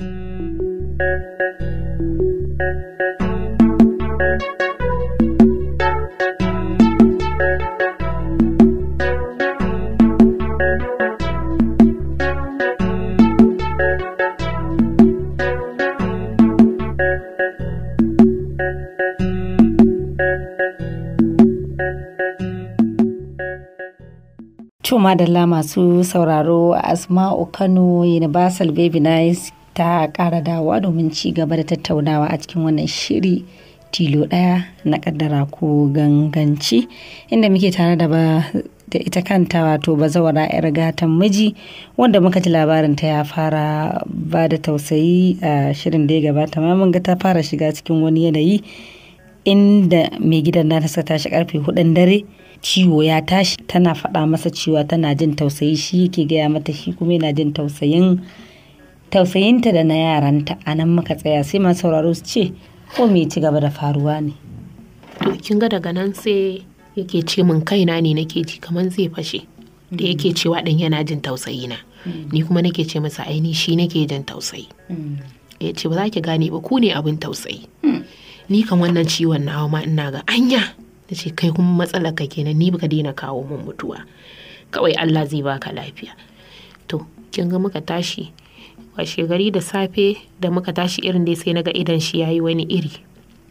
Thank you. madalla masu sauraro a asma'u kano universal baby nice ta kara dawa domin ci gaba da tattaunawa a cikin wannan shiri tilo daya na kaddara ko ganganci inda muke tare da ba da ita kanta wato bazawara 'yar gatan miji wanda muka ji labarin ta ya fara ba da tausayi a shirin da ya gabata ma mun ga ta fara shiga cikin wani yanayi inda mai gidan nata saka tashi karfe hudun dare ciwo ya tashi tana faɗa masa cewa tana jin tausayi shi yake gaya mata shi kuma yana jin tausayin tausayinta da na yaranta a nan muka tsaya sai masu sauraro su ce ko me ci gaba da faruwa ne kin ga daga nan sai yake ce min kaina ne nake ji kamar zai fashe da yake cewa ɗin yana jin tausayi na ni kuma nake ce masa aini shi nake jin tausayi ya ce ba za ki gane ba ku ne abin tausayi hmm. ni kan wannan ciwon nawa ma ina ga anya ta ce kai kuma matsalar ka kenan ni baka daina kawo mun mutuwa kawai Allah zai baka lafiya to kin ga muka tashi washe gari da safe da muka tashi irin dai sai naga idan shi yayi wani iri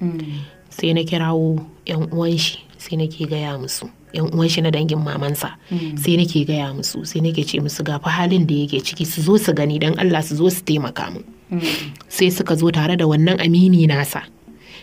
mm. sai na kirawo yan uwan shi sai nake gaya musu yan uwan shi na dangin mamansa mm. sai nake gaya musu sai nake ce musu ga halin da yake ciki su zo su gani dan Allah su zo su taimaka mu mm. sai suka zo tare da wannan amini nasa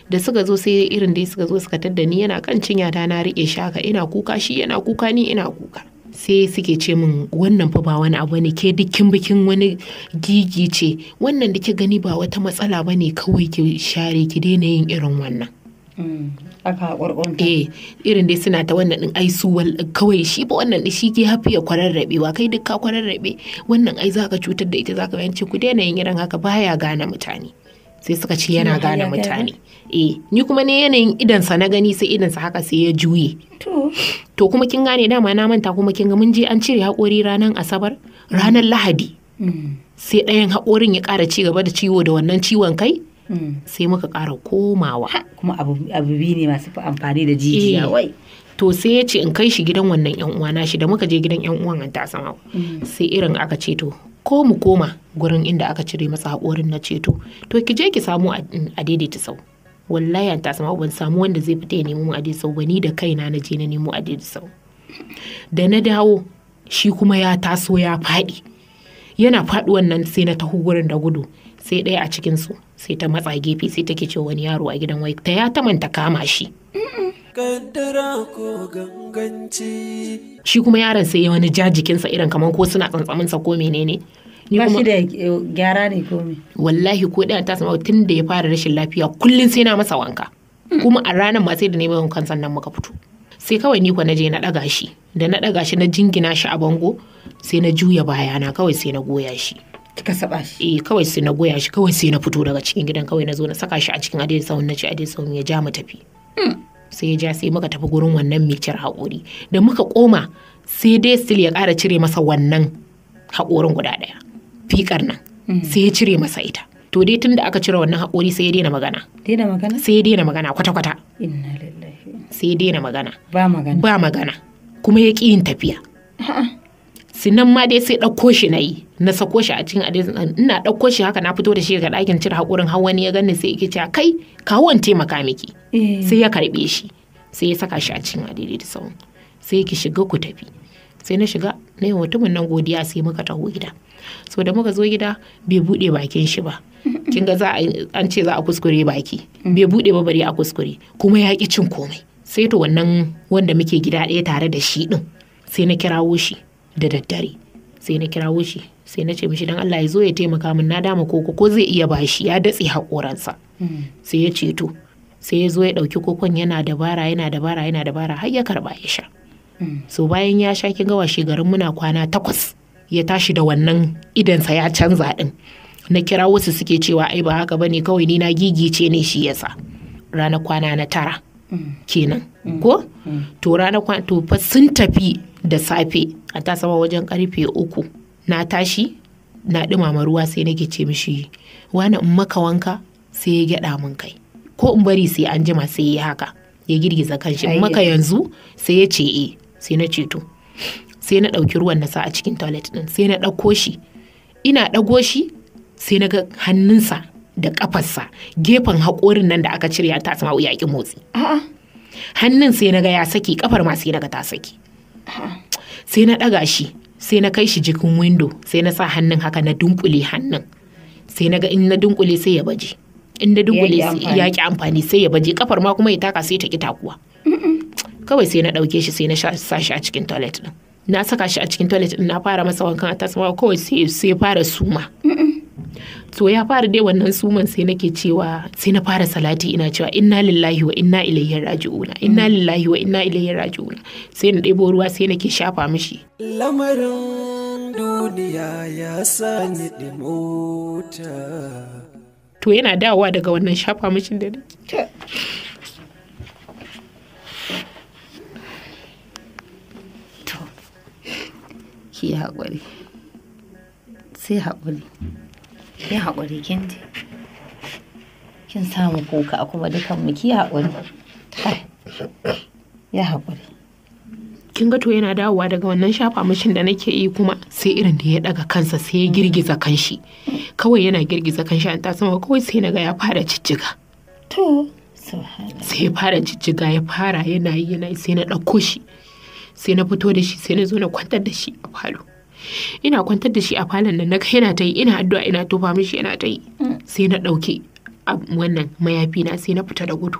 da suka zo sai irin dai suka zo suka tadda ni yana kan cinya ta na rike shaka ina kuka shi yana kuka ni ina kuka sai suke ce min wannan fa ba wani abu ne ke dukkin bikin wani gigi ce wannan da ke gani ba wata matsala ba ne kawai ki share ki daina yin irin wannan mm, aka kwarkwanta eh irin dai suna ta wannan din ai su kawai shi ba wannan din shi ke hafi ya kwararrabewa kai duk ka kwararrabe wannan ai zaka cutar da ita zaka yance ku daina yin irin haka baya gane mutane sai suka ce yana gane mutane E, ni kuma ne yanayin idansa na gani sai idansa haka sai ya juye to kuma kin gane dama na manta kuma kin ga mun je an cire haƙori ranar asabar ranar lahadi mm. sai ɗayan haƙorin ya ƙara ci gaba da ciwo da wannan ciwon kai mm. sai muka ƙara komawa kuma abu biyu ne masu amfani da jijiya eh. wai to sai ya ce in kai shi gidan wannan yan uwa nashi da muka je gidan yan uwan an ta sama mm. sai irin aka ce to ko mu koma gurin inda aka cire masa haƙorin na ceto to ki je ki samu mm, a daidaita sau wallahi an tasa ban samu wanda zai fita ya nemo mu a daidaita sau bani da kaina na je na nemo a daidaita sau da na dawo shi kuma ya taso ya faɗi yana faɗi wannan sai na taho gurin da gudu sai ɗaya a cikinsu sai ta matsa gefe sai take ce wani yaro a gidan wai ta ya tamanta kama shi Shi kuma yaron sai wani jajikinsa irin kamar ko suna tsantsaminsa ko menene. ba shi da eh, gyara ne komai wallahi ko ɗaya ta sama tun da ya fara rashin lafiya kullum sai na masa wanka kuma a ranar ma sai da neman wankan sannan muka fito sai kawai ni ko na je na ɗaga shi da na ɗaga shi na jingina shi a bango sai na juya bayana kawai sai na goya shi kika saba shi eh kawai sai na goya shi kawai sai na fito daga cikin gidan kawai na zo na saka shi a cikin adai sawun na ce adai sawun ya ja mu tafi hmm. sai ya ja sai muka tafi gurin wannan cire haƙuri da muka koma sai dai still ya ƙara cire masa wannan haƙorin guda ɗaya fikar nan mm. sai ya cire masa ita to dai tun da aka cire wannan haƙori sai ya daina magana sai ya daina magana kwata kwata sai ya daina magana ba magana kuma ya ƙi yin tafiya sinan ma dai sai ɗauko shi na yi na sako shi a cikin adin ina ɗauko shi haka na fito da shi ga ɗakin cire haƙorin har wani ya gani sai ya cewa kai kawon taimaka miki eh. sai ya karɓe shi sai ya saka shi a cikin adidi da sauran sai ki shiga ku tafi sai na shiga na yi mutumin nan godiya sai muka taho gida so da muka zo gida bai buɗe bakin shi ba kin ga za an ce za a kuskure baki bai buɗe ba bari a kuskure kuma ya ki cin komai sai to wannan wanda muke gida ɗaya tare da shi ɗin sai na kirawo shi da daddare sai na kirawo shi sai na ce mishi dan Allah ya zo ya taimaka min na dama koko ko zai iya bashi ya datse hakoransa. Hmm. sai ya ce to sai ya zo ya ɗauki kokon yana dabara yana dabara yana dabara har ya karɓa ya sha hmm. so bayan ya sha kin gawa shekarun muna kwana takwas ya tashi da wannan idansa ya canza ɗin na kira wasu suke cewa ai ba haka bane kawai ni na gigice ne shi yasa ranar kwana na tara kenan ko to ranar kwana to fa sun tafi da safe a ta sama wajen karfe uku na tashi na dumama ruwa sai nake ce mishi wani in maka wanka sai ya gyada min kai ko in bari sai an jima sai ya haka ya girgiza kanshi in maka yanzu sai ya ce eh sai na ceto sai na ɗauki ruwan na sa a cikin toilet ɗin sai na ɗauko shi ina ɗago shi sai na ga hannunsa da ƙafarsa gefen haƙorin nan da aka cire ta sama ƙin motsi hannun sai na ga ya saki ƙafar ma sai na ga ta saki sai na ɗaga shi sai na kai shi jikin windo sai na sa hannun haka na dunkule hannun sai na ga in na dunkule sai ya baje in na dunkule ya ƙi amfani sai ya baje kafar ma kuma ya taka sai ta ki takuwa kawai sai na ɗauke shi sai na sa shi a cikin toilet ɗin na saka shi a cikin toilet na fara masa wankan atasma kawai sai fara suma to ya fara dai wannan suman sai nake cewa sai na fara salati ina cewa inna lillahi wa inna ilaihi raji'una inna lillahi wa inna ilaihi raji'una sai na ɗebo ruwa sai nake shafa mishi lamarin duniya ya sani dimota to yana dawowa daga wannan shafa mishin da nake ki haƙuri sai haƙuri ki haƙuri kinti kin samu kuka kuma dukan mu ki haƙuri ya haƙuri kin ga to yana dawowa daga wannan shafa mashin da nake yi kuma sai irin da ya daga kansa sai ya girgiza kanshi kawai yana girgiza kanshi an ta sama kawai sai na ga ya fara jijjiga to sai ya fara jijjiga ya fara yana yi yana sai na ɗauko shi sai na fito da shi sai na zo na kwantar da shi a falo ina kwantar da shi a falon nan kai yana ta yi ina addu'a ina tofa mishi yana ta yi mm. sai na ɗauke wannan mayafi na sai na fita da gudu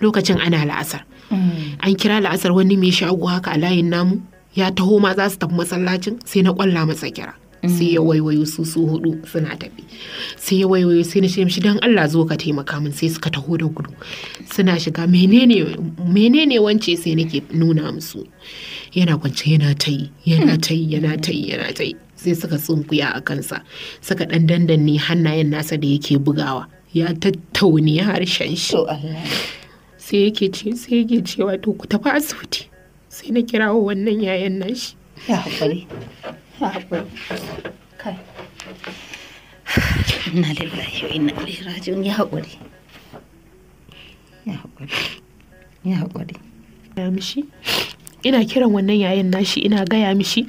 lokacin ana la'asar mm. an kira la'asar wani mai shago haka a layin namu ya taho ma za su tafi masallacin sai na kwalla masa kira sai ya mm. waiwayo su su hudu suna tafi sai ya waiwayo sai na ce dan Allah zo ka taimaka min sai suka taho da gudu suna shiga menene menene wance sai nake nuna musu yana kwance yana ta yi yana ta yi yana ta yi yana ta sai suka tsunkuya a kansa suka dan dandanne hannayen nasa da yake bugawa ya tattauni harshen shi sai yake ce sai yake cewa to ku tafi asibiti sai na kirawo wannan yayan nashi ya ina kiran wannan yayin nashi ina gaya mishi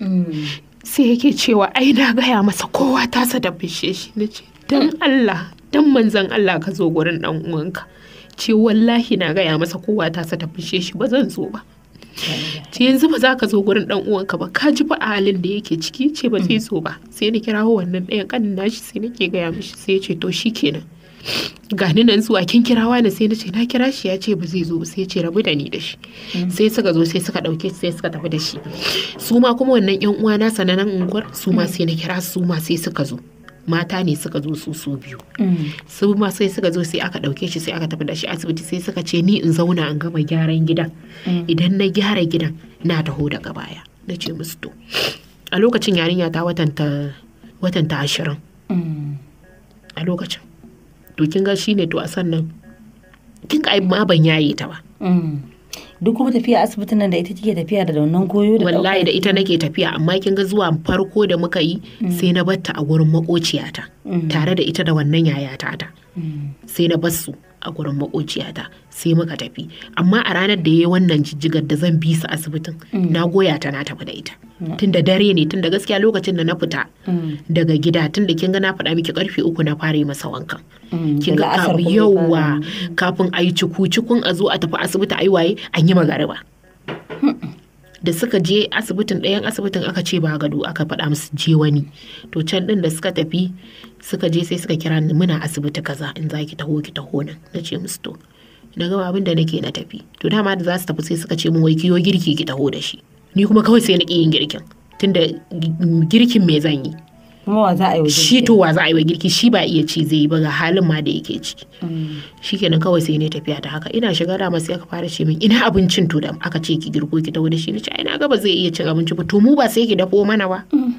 sai yake cewa ai na gaya masa kowa tasa da bishe shi na ce don Allah don manzan Allah ka zo gurin dan uwanka ce wallahi na gaya masa kowa tasa da bishe shi ba zan zo ba ce yanzu ba za ka zo gurin dan uwanka ba ka ji ba a halin da yake ciki ce ba zai mm. zo ba sai na kirawo wannan ɗayan kanin nashi sai nake gaya mishi sai ya ce to kenan gani nan zuwa kin kirawa na sai na ce na kira shi ya ce ba zai zo sai ya ce rabu da ni da shi mm. sai suka zo sai suka dauke sai suka tafi da shi su ma kuma wannan yan uwa na sananan unguwar su ma mm. sai na kira su ma sai suka zo mata ne suka zo su su biyu mm. su ma sai suka zo sai aka ɗauke shi sai aka tafi da shi asibiti sai suka ce ni in zauna an gama gyaran gidan mm. idan na gyara gidan na taho daga baya na ce musu to a lokacin yarinya ta watan ta ashirin mm. a lokacin to kin ga shine to a sannan kin ga ma ban yaye ta ba duk kuma tafiya asibitin nan da ita take tafiya da wannan koyo da wallahi da ita nake tafiya amma kin ga zuwa farko da muka yi mm. sai na batta a gurin makociyata mm. tare da ita da wannan yayata ta mm. sai na bar su a gurin makociyata sai muka tafi amma a ranar da ya yi wannan jijjigar da zan bi su asibitin mm. na goya ta na tafi da ita mm. tun da dare ne tun da gaskiya lokacin da na fita mm. daga gida tun da kin ga na faɗa miki karfe uku na fara yi masa wanka kin ga kafin yauwa kafin a yi ciku cikun a zo a tafi asibiti a yi waye an yi magariba da suka je asibitin ɗayan asibitin aka ce ba gado aka faɗa musu je wani to can ɗin da suka tafi suka je sai suka kira ni muna asibiti kaza in za ki taho ki taho nan na ce musu to na gama abin da nake na tafi to dama da za su tafi sai suka ce min wai kiyo girki ki taho da shi ni kuma kawai sai na ƙi yin girkin tunda girkin me zan yi kuma wa za a yi shi to wa za a yi wa girki shi ba iya ci zai yi ba ga halin ma da yake ciki mm. shi kenan kawai sai ne tafiya ta haka ina shiga da masu aka fara ce min ina abincin to da aka ce ki girko ki taho da shi ni ce ai na zai iya cin abinci ba to mu ba sai ki dafo mana ba mm.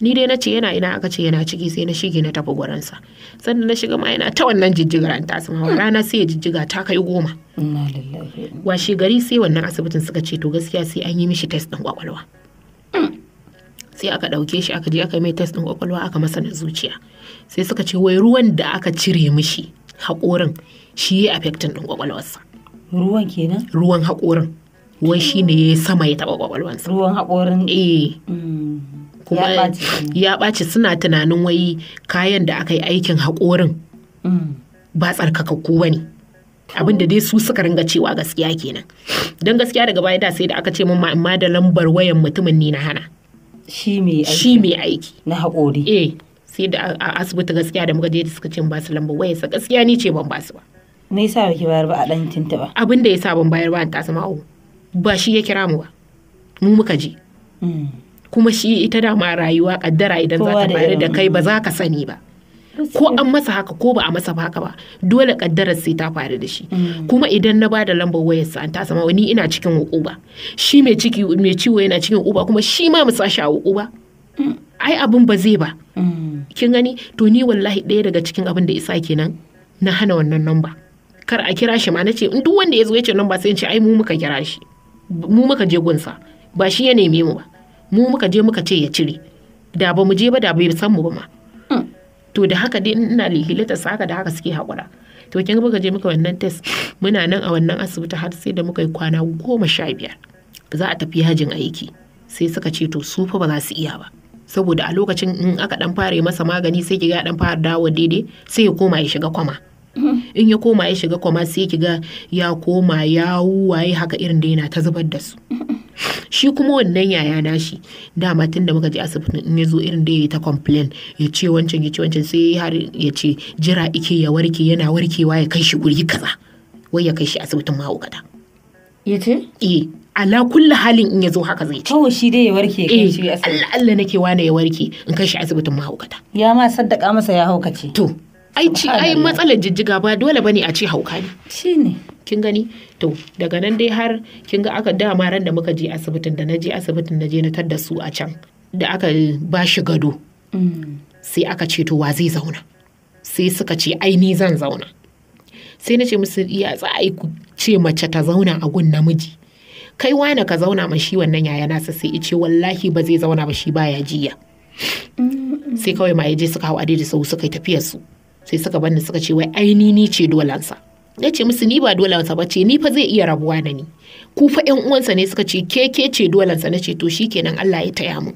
ni dai na ce yana ina aka ce yana ciki sai na shige na tafi gurinsa sannan na shiga ma yana ta wannan jijjigar an tasu ma rana sai ya jijjiga ta kai goma washe gari sai wannan asibitin suka ce to gaskiya sai an yi mishi test din kwakwalwa mm. sai aka ɗauke shi aka je aka mai test ɗin kwakwalwa aka masa na zuciya sai suka ce wai ruwan da aka cire mishi haƙorin shi ya affecting din kwakwalwarsa ruwan kenan ruwan haƙorin wai shine ya sama ya taɓa kwakwalwarsa ruwan haƙorin eh mm. kuma ya ɓaci suna tunanin wai kayan da aka yi aikin haƙorin mm. ba tsarkakakku ba ne abin da dai su suka ringa cewa gaskiya kenan don gaskiya daga baya da sai da aka ce min ma da lambar wayan mutumin ne na hana shi mai aiki na haƙori eh sai da a asibiti gaskiya da muka je da suka ce ba su lambar wayan sa gaskiya ni ce ban ba su ba me yasa ki bayar ba a dan tinta ba abin da yasa ban bayar ba ta sama ba shi ya kira mu ba mu muka je mm. kuma shi ita dama rayuwa kaddara idan za ta faru da kai ba za ka sani ba ko an masa haka ko ba a masa haka ba dole kaddarar sai ta faru da shi mm. kuma idan na bada lambar wayar sa an ta sama wani ina cikin ba shi mai ciki mai ciwo yana cikin ba kuma shi ma mu sashi a ba mm. ai abin ba zai ba mm. kin gani to ni wallahi ɗaya daga cikin abin da isa kenan na hana wannan namba kar a kira shi ma na ce duk wanda ya zo ya ce namba sai in ce ai mu muka kira shi mu muka je gunsa ba shi ya neme mu ba mu muka je muka ce ya cire da ba mu je ba da bai san mu ba ma hmm. to da haka dai ina lihilata sa haka da haka suke haƙura to kin muka je muka wannan test muna nan a wannan asibiti har sai da muka yi kwana goma sha biyar za a tafi yajin aiki sai suka ce to su fa ba za su iya ba saboda a lokacin in aka dan fara masa magani sai kiga dan fara dawo daidai sai ya koma ya shiga kwama hmm. in ya koma ya shiga kwama sai kiga ya koma ya waye haka irin da yana ta zubar da su hmm. shi kuma wannan yaya nashi dama tun da muka je asibitin in ya zo irin da ya ta complain ya ce wancan ya ce wancan sai har ya ce jira ike ya warke yana warkewa ya kai shi guri kaza wai ya kai shi asibitin mahaukata ya ce eh ala kulli halin in ya zo haka zai ce. Kawai shi dai ya warke ya kai eh, shi asibiti. Allah Allah nake wane ya warke in kai shi asibitin mahaukata. Ya ma saddaka masa ya haukace. To ai ci ai matsalar jijjiga ba dole bane a ce hauka ne ne kin gani to daga nan dai har kin ga aka dama ran da muka je asibitin da na je asibitin na je na tar da su a can da aka ba shi gado mm. sai aka ce to wa zai zauna sai suka ce ai ni zan zauna sai na ce musu iya za a yi ce mace ta zauna a gun namiji kai wane ka zauna ma shi wannan yaya nasa sai ice wallahi ba zai zauna ba shi baya jiya mm, mm. sai kawai ma je suka hau adidi sau suka yi tafiyar su sai suka bani suka ce wai aini ni ce dolansa na ce musu ni ba dolansa ba ce ni fa zai iya rabuwa da ni ku fa yan uwansa ne suka ce ke ke ce dolansa na ce to kenan Allah ya taya mu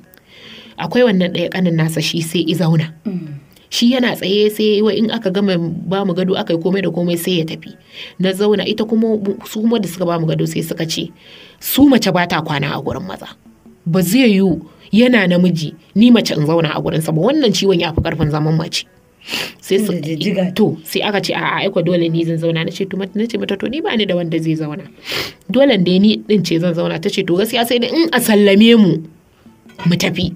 akwai wannan ɗaya kanin nasa shi sai i zauna mm. shi yana tsaye sai wai in aka gama ba mu gado akai komai da komai sai ya tafi na zauna ita kuma su kuma da suka ba mu gado sai suka ce su mace ba ta kwana a gurin maza ba zai yiwu yana namiji ni mace in zauna a gurin sa ba wannan ciwon ya fi karfin zaman mace sai su to sai aka ce a'a aiko dole ni zan zauna na ce to na ce mata to ni ba ni da wanda zai zauna dole da ni din ce zan zauna ta ce to gaskiya sai in a sallame mu mu tafi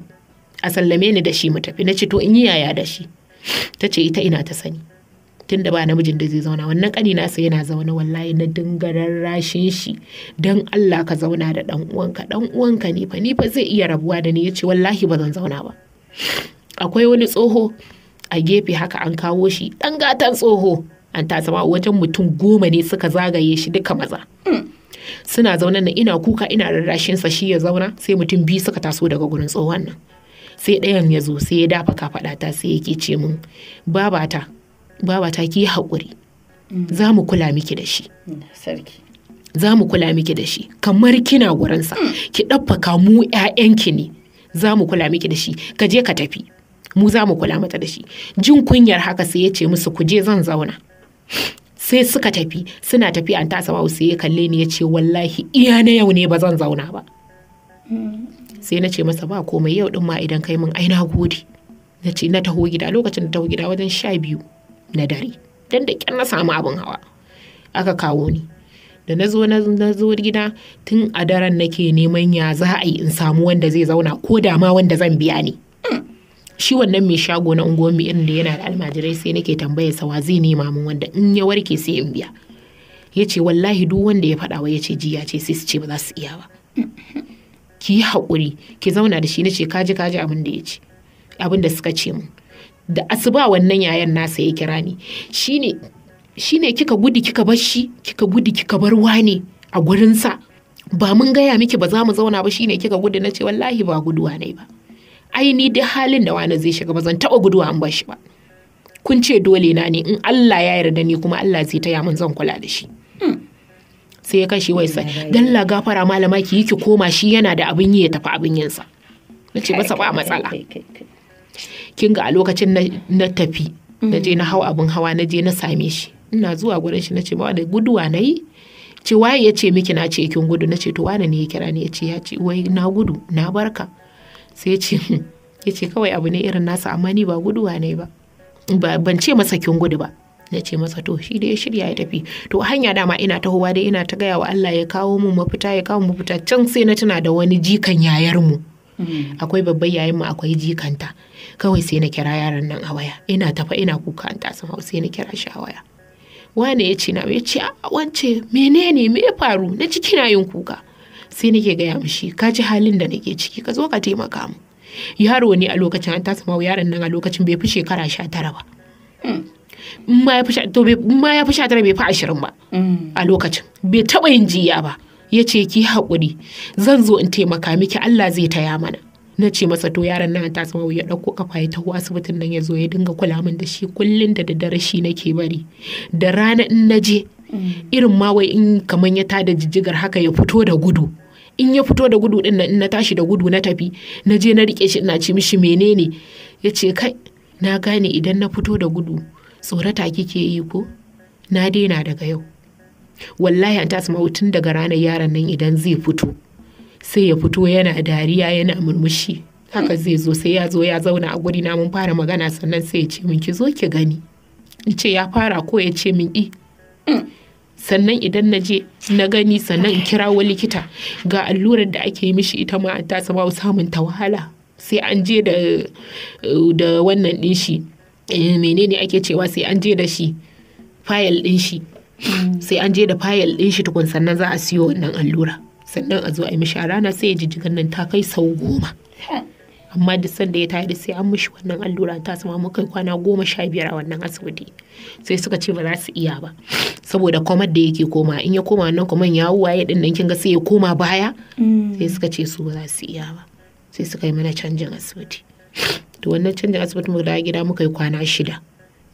a sallame ni da shi mu tafi na ce to in yi yaya da shi ta ce ita ina ta sani Tun da ba namijin da zai zauna wannan kani sai yana zaune wallahi na dinga rarrashin shi dan Allah ka zauna da dan uwanka dan uwanka ne fa ni fa zai iya rabuwa da ni yace wallahi ba zan zauna ba akwai wani tsoho a gefe haka an kawo shi ɗan gatan tsoho an ta zama wajen mutum goma ne suka zagaye shi duka maza hmm. suna zaune na ina kuka ina rarrashin sa shi ya zauna sai mutum biyu suka taso daga gurin tsohon nan sai ɗayan ya zo sai ya dafa kafaɗa ta sai yake ce min babata babata ki haƙuri hmm. za mu kula miki da shi hmm, za mu kula miki da shi kamar kina gurinsa ki ɗaffaka mu ƴaƴanki ne za mu kula miki da shi ka je ka tafi mu za mu kula mata da shi jin kunyar haka sai ya ce musu ku je zan zauna sai suka tafi suna tafi an tasa wa sai ya kalle ni ya ce wallahi iya na yau ne ba zan zauna ba sai na ce masa ba komai yau din ma idan kai min ai na gode na ce na taho gida lokacin da taho gida wajen sha biyu na dare dan da kyan na samu abin hawa aka kawo ni da na zo na zo gida tun a daren nake neman ya za a yi in samu wanda zai zauna ko da ma wanda zan biya ne shi wannan mai shago na unguwan irin da yana da almajirai sai nake tambaya sa wa zai nema min wanda in ya warke sai in biya ya ce wallahi duk wanda ya faɗawa ya ce ya ce sai su ce ba za su iya ba ki yi haƙuri ki zauna da shi na ce kaji kaji abin da ya ce abin da suka ce mun da asuba wannan yayan nasa ya kira ni shine shine kika gudu kika bar shi kika gudu kika bar wani a gurinsa ba mun gaya miki ba za mu zauna ba shine kika gudu na ce wallahi ba guduwa ne ba Ai ni duk halin da wani zai shiga ba zan taɓa guduwa an bashi ba kun ce dole na ne in Allah ya yarda ni kuma Allah zai taya min zan kula da shi hmm. sai ya kashe wai sai la gafara malama ki yi koma shi yana da abin yi ya tafi abin yinsa na ce masa ba matsala kin ga a lokacin na tafi hmm. na je na hau abin hawa na je na same shi ina zuwa gurin shi na ce ba da guduwa nayi ce waye ya ce miki na ce kin gudu na ce to wane ne ya kira ni ya ce ya ce wai na gudu na barka sai ya ce kawai abu ne irin nasa amma ni ba guduwa ne ba ban ce masa kin gudu ba na ce masa to shi da ya shirya ya tafi to hanya dama ina ta huwa dai ina ta gaya wa Allah ya kawo mu mafita ya kawo mu mafita can sai na tuna da wani jikan yayar mu mm. akwai babban yayin mu akwai jikanta kawai sai na kira yaran nan a waya ina tafa ina kuka an tasa hau sai na kira shi a waya wane ya ce na ya ce wance menene me ya faru na ciki na yin kuka sai nake gaya mishi ka ji halin da nake ciki ka zo ka taimaka mu yaro ne a lokacin an tasa mawa yaron nan a lokacin bai fi shekara sha tara ba hmm. in ma ya fi sha tara bai fi ashirin ba hmm. a lokacin bai taɓa yin jiya ba ya ce ki haƙuri zan zo in taimaka miki Allah zai taya mana na ce masa to yaron nan ta sama ya ɗauko kafa ya taho asibitin nan ya zo ya dinga kula min da shi kullum da daddare shi nake bari da rana in na je hmm. irin ma wai in kamar ya tada jijjigar haka ya fito da gudu in ya fito da gudu din na tashi da gudu na tafi na je na rike shi ina ce mishi menene ya ce kai na gane idan na fito da gudu tsorata kike yi ko na daina daga yau wallahi an tasma tun daga ranar yaron nan idan zai fito sai ya fito yana dariya yana murmushi haka zai zo sai ya zo ya zauna a guri na mun fara magana sannan sai ya ce min ki zo ki gani ce ya fara ko ya ce min i eh. sannan idan na je na gani sannan in wa likita ga allurar da ake mishi ita ma ta tasa samun ta wahala sai an je da wannan din shi eh, menene ake cewa sai an je da shi fayil din shi sai an je da fayil din shi tukun sannan za a siyo wannan allura sannan a zo a yi mishi a rana sai ya jijjigar nan ta kai sau goma amma san sanda ya tayar sai an mishi wannan allura ta sama mun kai kwana goma sha biyar a wannan asibiti sai suka ce ba za su iya ba saboda komar da yake koma in ya koma wannan kwamar ya waye din nan kin ga sai ya koma baya mm. sai suka ce su ba za su iya ba sai suka yi mana canjin asibiti to wannan canjin asibiti mu dawo gida muka yi kwana shida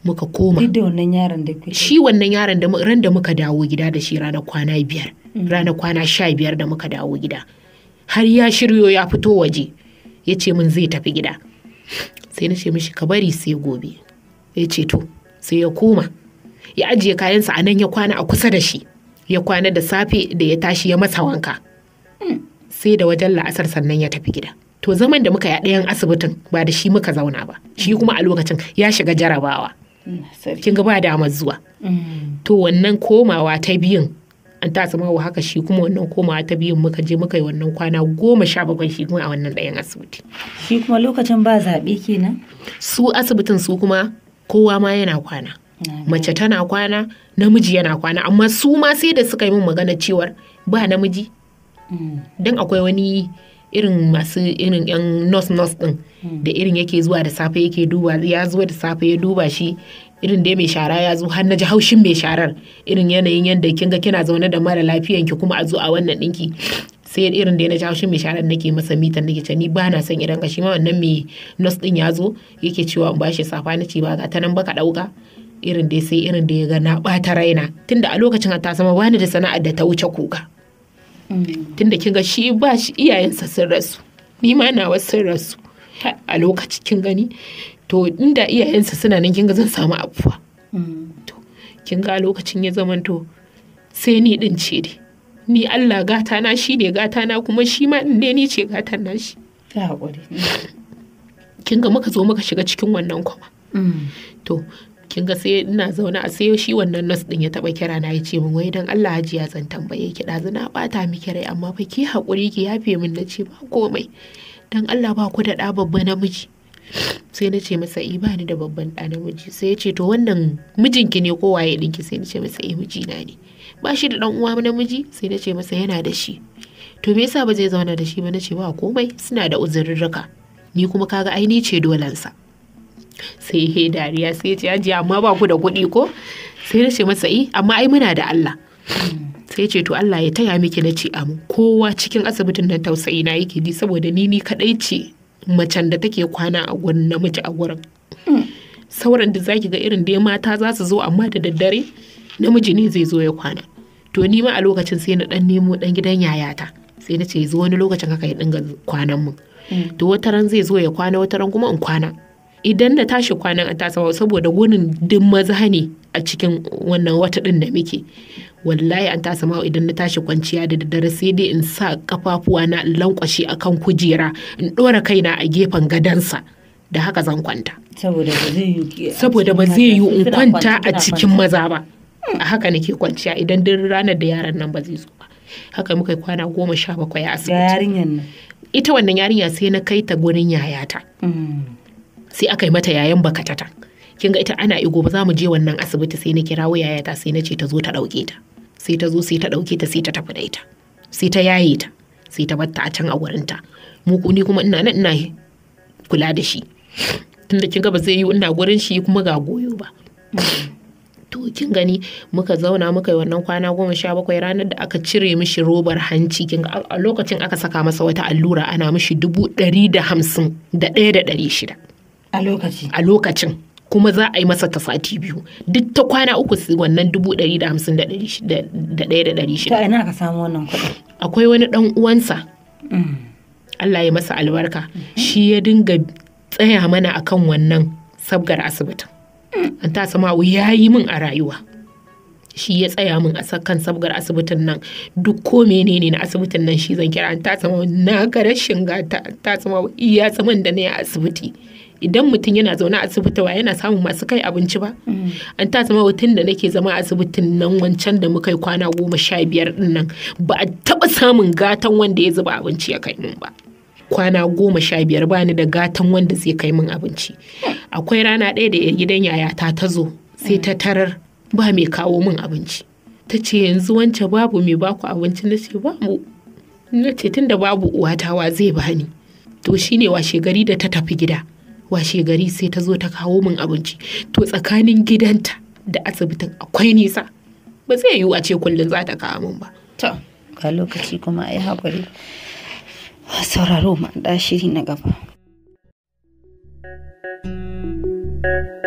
muka koma da wannan yaron da shi wannan yaron da ran da muka dawo gida da shi ranar kwana biyar mm. ranar kwana sha biyar da muka dawo gida har ya shiryo ya fito waje ya ce min zai tafi gida sai na ce mishi ka bari sai gobe ya ce to sai ya koma ya ajiye kayansa a nan ya kwana a kusa da shi ya kwana da safe da ya tashi ya masa wanka sai da wajen la'asar sannan ya tafi gida to zaman da muka yi ɗayan asibitin ba da shi muka zauna ba shi kuma a lokacin ya shiga jarabawa mm, kin ga ba damar zuwa mm. to wannan komawa ta biyun an ta sama haka shi kuma wannan komawa ta biyun muka je muka yi wannan kwana goma sha bakwai shi a wannan ɗayan asibiti. Shi kuma lokacin ba zaɓe kenan? Su asibitin su kuma kowa ma yana kwana. Mace tana kwana, namiji yana kwana, amma su ma sai da suka yi min magana cewar ba namiji. Mm. Don akwai wani irin masu irin yan nos nos din da irin yake zuwa da safe yake duba ya zo da safe ya duba shi irin dai mai shara ya zo har na ji haushin mai sharar irin yanayin yadda kin ga kina zaune da mara lafiyan ki kuma a zo a wannan dinki sai irin da na ji haushin mai sharar nake masa mitan nake ce ni ba na son irin shi ma wannan mai nos ɗin ya zo yake cewa in bashi safa na ce ba ga ta nan baka ɗauka irin dai sai irin da ya ga na ɓata raina tunda a lokacin ta zama bani da sana'ar da ta wuce kuka mm. tunda kin ga shi ba shi iyayensa sun rasu ni ma wasu sun rasu a lokacin kin gani to inda iyayensa suna nan kinga zan samu abuwa mm. to kinga lokacin ya zamanto sai ni din ce dai ni Allah gata na shi ne gata na kuma shi ma ne ni ce gata na shi kinga muka zo muka shiga cikin wannan kuma mm. to kin ga sai ina zauna a sayo shi wannan nas din ya taba kira na ya ce min wai dan Allah hajiya zan tambaye ki da na bata miki rai amma fa ki hakuri ki yafe min na ce ba komai dan Allah ba ku da da babba namiji sai na ce masa i eh, bani da babban ɗa namiji sai ya ce to wannan mijinki ne ko waye ɗinki sai na ce masa i eh, mijina ne ba shi da ɗan uwa namiji sai na ce masa yana da shi to me yasa ba zai zauna da shi ba na ce ba komai suna da uzurrurruka ni kuma kaga ai ce dolansa sai he dariya sai ce ji amma ba ku da kuɗi ko sai na ce masa i eh, amma ai muna da Allah sai ce to Allah ya taya miki na ce amu kowa cikin asibitin nan tausayi na yake ji saboda ni ni kadai ce macen da take kwana a gurin namiji a wurin hmm. sauran da zaki ga irin dai mata za su zo amma da daddare namiji ne zai zo ya kwana to ni ma a lokacin sai na dan nemo dan gidan yayata sai na ce zo wani lokacin haka ya dinga kwanan mu hmm. to wata ran zai zo ya kwana wata ran kuma in kwana idan na tashi kwanan a tasawa saboda gunin din maza ne a cikin wannan wata din da muke wallahi an ta sama idan na tashi kwanciya da daddare sai dai in sa kafafuwa na in lankwashe akan kujera in ɗora kaina a gefen gadansa da haka zan kwanta saboda ba zai yi in kwanta a cikin maza ba a haka nake kwanciya idan duk ranar da yaran nan ba zai zo ba haka muka kwana goma sha bakwai a asibiti ita wannan yarinya sai na kai ta gurin yayata mm. sai aka yi mata yayan bakatata kin ga ita ana igo ba za mu je wannan asibiti sai na kirawo yayata sai na ce ta zo ta ɗauke ta sai ta zo sai ta ɗauke ta sai ta tafi da ita sai ta yaye ta sai ta batta a can a wurinta mu ni kuma ina nan ina kula da shi tunda kin ga ba zai yi ina gurin shi kuma ga goyo ba to kin gani muka zauna muka yi wannan kwana goma sha bakwai ranar da aka cire mishi robar hanci kin a lokacin aka saka masa wata allura ana mishi dubu ɗari da hamsin da ɗaya da ɗari shida a lokacin a lokacin kuma za a yi masa ta sati biyu duk ta kwana uku su wannan dubu ɗari da hamsin da ɗaya da ɗari shida. ina ka samu wannan kuɗi. Akwai wani ɗan uwansa. Mm. Allah ya masa albarka. Shi ya dinga tsaya mana akan wannan sabgar asibitin. Mm. An ta samawu ya yi min a rayuwa. Shi ya tsaya min a kan sabgar asibitin nan duk ko menene na asibitin nan shi zan kira an ta sama na ga rashin ga ta sama iya tsaman da na yi asibiti. idan mutum yana zaune a asibiti wa yana samun masu kai abinci ba mm. an ta zama wutun da nake zama asibitin nan wancan da muka yi kwana goma sha biyar dinnan, ba a taba samun gatan wanda ya zuba abinci ya kai min ba kwana goma sha biyar ba ni da gatan wanda zai kai min abinci akwai rana ɗaya da gidan yaya ta zo sai ta mm. tarar ba mai kawo min abinci ta ce yanzu wancan babu mai baku abinci na ce babu na ce tunda babu uwata wa zai bani to shine washe gari da ta tafi gida washe gari sai ta zo ta kawo min abinci to tsakanin gidanta da asibitin akwai nisa ba zai yiwu a ce kullum za ta kawo min ba to ga lokaci kuma ai haƙuri sauraro ma da shiri na gaba thank you